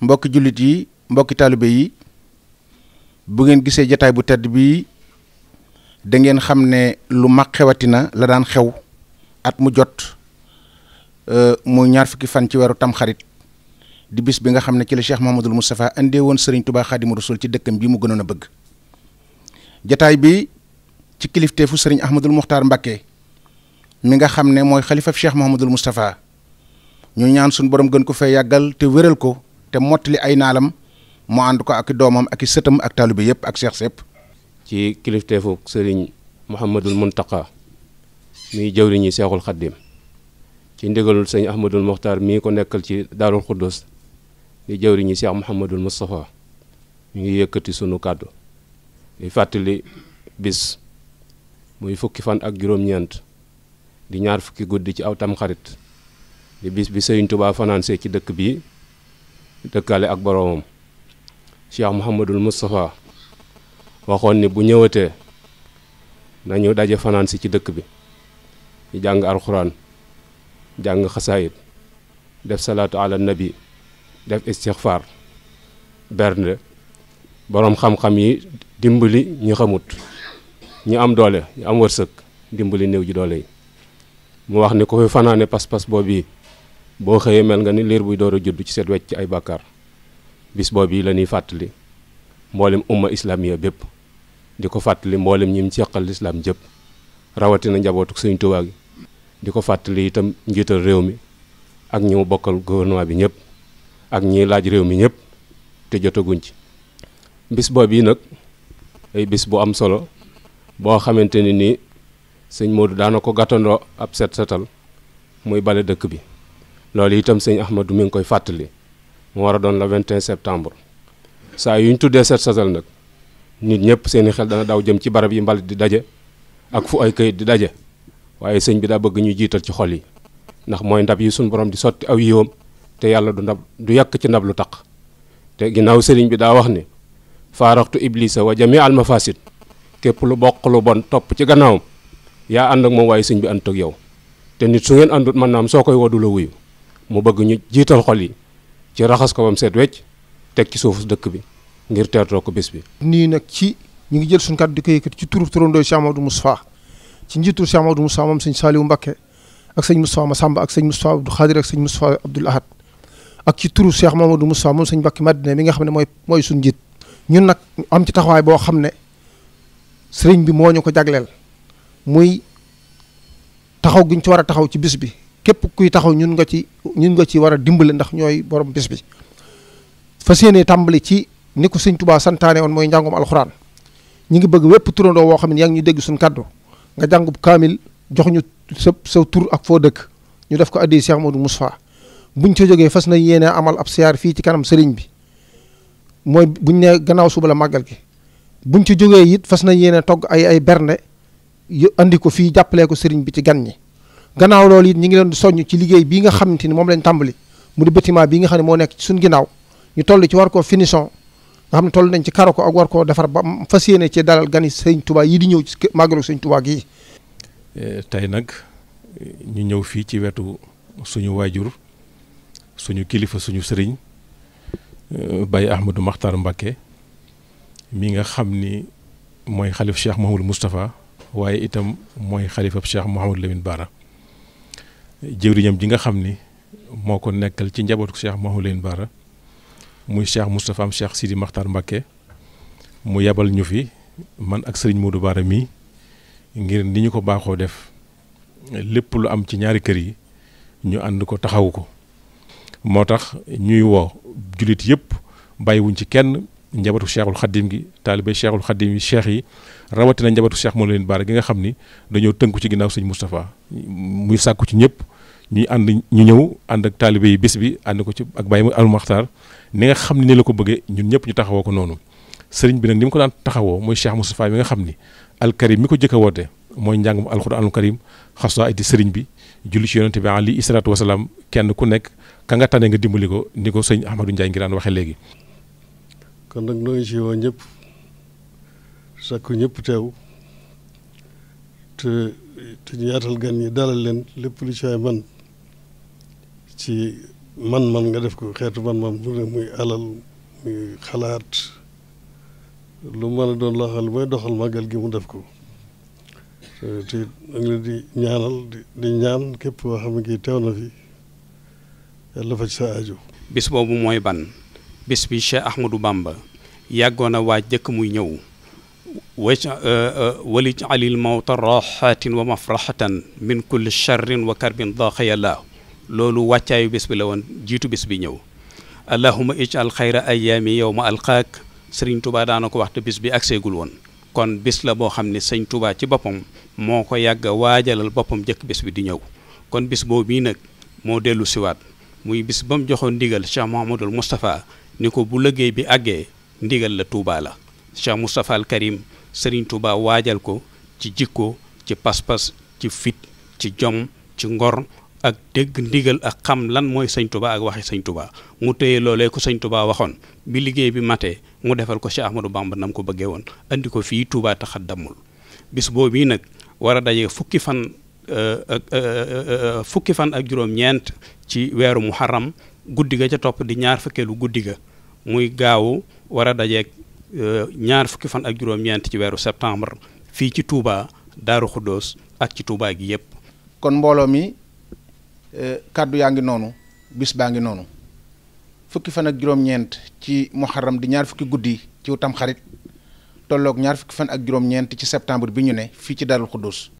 mbokki jullit yi mbokki taalibe yi bu ngeen gisee jataay bu tedd bii da ngeen xam ne lu mag xewatina la daan xew at mu jot euh, muy ñaar fukki fan ci weeru tamxarit di bis bi nga xam ne ci la Cheikh Mouhamadoul Moustapha indee woon Serigne Touba Khadimou Rassoul ci dëkkam bi mu gënoon a bëgg jataay bi ci fu Serigne Ahmadul Muxtaar Mbakke mi nga xam ne mooy xalifab Cheikh Mouhamadoul Moustapha ñu ñaan suñu borom gën ko fee yàggal te wéral ko te mottali ay naalam mu ànd ko ak doomam ak i sëtam ak taalibe yëpp ak seex sépp ci kilifteefu sëriñ Mouhamadul Muntaqa muy jëwriñi seexul xaddim ci ndigalul sëñ Ahmadul Moxtaar mii ko nekkal ci Daarul Xuddus di jëwriñi seex Mouhamadul Moustapha mu ngi yëkkati sunu kàddu di fàttali bis muy fukki fan ak juróom-ñeent di ñaar fukki guddi ci aw tamxarit di bis bi sëriñ Tubaa fanaan see ci dëkk bii dëkkaale ak boroomam Cheikh Mouhamadul Moustapha waxoon ni bu ñëwatee nañu daje fanaan si ci dëkk bi ñu jàng alxuraan jàng xasaayit def salaatu ala nabi def istixfaar bernde boroom xam-xam yi dimbali ñi xamut ñi am doole ñu am wërsëg dimbali néew ji doole yi mu wax ni ko fi fanaane pas-pas boobu boo xëyee mel nga ni liir buy door a judd ci seet wecc ci ay bàkkaar bis boobu yi la fàttali mboolem umma islamiya bépp di ko fàttali mboolem ñi mu seqal lislaam jëpp rawatina njabootu Sëñ Tuubaa gi di ko fàttali itam njiital réew mi ak ñi mu bokkal gouvernement bi ñëpp ak ñiy laaj réew mi ñëpp te jotaguñ ci bis boobu yi nag ay bis bu am solo boo xamante ni nii sëñ Modou daana ko gàttandoo ab set setal muy bale dëkk bi loolu itam sëñ Ahmadou mi ngi koy fàttali mu war a doon le 21 septembre Sa yuñ ñu tuddee set setal nag nit ñëpp seeni xel dana daw jëm ci barab yi mbal di daje ak fu ay këyit di daje waaye sëñ bi daa bëgg ñu jiital ci xol yi ndax mooy ndab yi suñu borom di sotti aw yiwam te yàlla du ndab du yak ci ndab lu taq te ginnaaw sëriñ bi daa wax ni faaraxtu iblisa wa jami al mafasid képp lu bokk lu bon topp ci gannaawam yaa ànd ak moom waaye sëñ bi ànd yow te nit su ngeen àndut man naam soo wuyu mu bëgg ñu jiital xol yi ci raxas ko bam seet wecc teg ci suufu dëkk bi ngir teertoo ko bis bi nii nag ci ñu ngi jël suñu kàddu di ko yëkkati ci turub turandoo Cheikh Amadou Moustapha ci njiitu Cheikh Amadou Moustapha moom sëñ Saliou Mbacké ak sëñ Moustapha Massamba ak sëñ Moustapha Abdou Khadir ak sëñ Moustapha Abdoul Ahad ak ci turu Cheikh Mamadou Moustapha moom sëñ mbakki Madina mi nga xam ne mooy mooy suñu njiit ñun nag am ci taxawaay boo xam ne sëriñ bi moo ñu ko jagleel muy taxaw gi ñu ci war a taxaw ci bis bi kep kuy taxaw ñun nga ci ñun nga ci wara a ndax ñoy borom bis bi fasiyene tambali ci ni ko sëñ tubaa santaane woon mooy njàngum alxuraan ñi ngi bëgg wépp turando wo xamni ne yaa ngi ñu dégg kaddu nga jangub kamil jox ñu sa sa ak fo dekk ñu def ko addi Cheikh Modou mustafa buñ ci joggé fas na amal ab siar fi ci kanam sëriñ bi moy buñ né gannaaw suba la magal gi buñ ci joggé yit fas na yéene togg ay ay berne yu andi ko fii jàppalee ko sëriñ bi ci gan gannaaw loolu it ñi ngi leen soññ ci liggéey bii nga xamante ni moom lañ tàmbali mu di bâtiment bi nga xam ne moo nekk ci suñ ginnaaw ñu toll ci war koo finition nga xam ne toll nañ ci karo ko ak war koo defar ba fas yéene ci dalal gani sëñ Touba yi di ñëw ci màggalu sëñ Touba gii eh, tey nag ñu ñëw fii ci wetu suñu waajur suñu kilifa suñu sëriñ eh, Baye Ahmadou Makhtar Mbacké mi nga xam ni mooy xalif Cheikh Mouhamadou Moustapha waaye itam mooy xalifab Cheikh Mouhamadou Lamine Bara jëwriñam ji nga xam ni moo ko nekkal ci njabootu Cheikh Mahoulène Bara muy Cheikh Moustapha am Cheikh Sidi Makhtar Mbacké mu yabal ñu fi man ak sëriñ Modou Bara mii ngir ni ñu ko baaxoo def lépp lu am ci ñaari kër yi ñu ànd ko taxawu ko moo tax ñuy woo jullit yëpp bàyyiwuñ ci kenn njabootu cheikhul xaddim gi taalibay cheikhul xaddim yi cheikh yi rawatina njabootu cheikh moo leen baare gi nga xam ni dañoo tënku ci ginnaaw sëñ Moustapha muy sàkku ci ñëpp ñu ànd ñu ñëw ànd ak taalibe yi bis bi ànd ko ci ak bàyyi al maxtaar ni nga xam ne ni la ko bëggee ñun ñëpp ñu taxawoo ko noonu sëriñ bi nag ni mu ko daan taxawoo mooy cheikh Moustapha mi nga xam ni alkarim mi ko jëkk woote mooy njàngum alxuraanul karim xasida iti sëriñ bi julli ci yonente bi ali isalaatu wasalaam kenn ku nekk ka nga nga dimbali ko ni ko sëñ Ahmadou Ndiaye ngi daan waxee léegi kon nag noo ngi ci woo ñëpp sakku ñëpp teew te te ñu yaatal gan ñi dalal leen lépp lu ci waay man ci man-man nga def ko xeetu man-man bu ne muy alal muy xalaat lu mën a doon loo xam ne doxal màggal gi def ko te ngi di ñaanal di ñaan képp koo xam ne kii teew na fi yàlla fa ci sa aajo bis boobu mooy ban bis bi Cheikh Ahmadou Bamba yagona a waaj muy ñëw waj ali al mawt raxatin wa mafraxatan min kulli charrin wa karbin daaxaya laahu loolu wàccaayu bis bi la woon jiitu bis bi ñëw allahumma ijal khayra ayami yawma alqaak serigne touba daana wax te bis bi agseegul won kon bis la bo xamni serigne touba ci bopam moko yag waajalal jëkk bis bi di ñëw kon bis bi nak mo delu ci wat muy bis bam mu digal Cheikh Mouhamadul mustapha ni ko bu liggéey bi àggee ndigal la Touba la Cheikh Moustapha al Karim Serigne waajal ko ci jikko ci pas-pas ci fit ci jom ci ngor ak dégg ndigal ak xam lan mooy sëñ Touba ak waxi sëñ Touba mu téye loolee ko sëñ Touba waxoon bi liggéey bi matee mu defal ko Cheikh Ahmadou bamb nam ko bëggee woon indi ko fii Touba taxa damul bis boobu nag war a fukki fan euh, euh, euh, fukki fan ak juróom-ñeent ci weeru muharram guddi ga ca topp di ñaar fukkeelu guddi ga muy gaaw war a e, ñaar fukki fan ak juróom-ñeent ci weeru septembre fii ci Touba Daaru Xuddoos ak ci Touba gi yépp kon mbooloo mi e, kàddu yaa ngi noonu bis baa ngi noonu fukki fan ak juróom-ñeent ci muharram di ñaar fukki guddi ci tam xarit tolloog ñaar fukki fan ak juróom-ñeent ci septembre bi ñu ne fii ci Daaru Xuddoos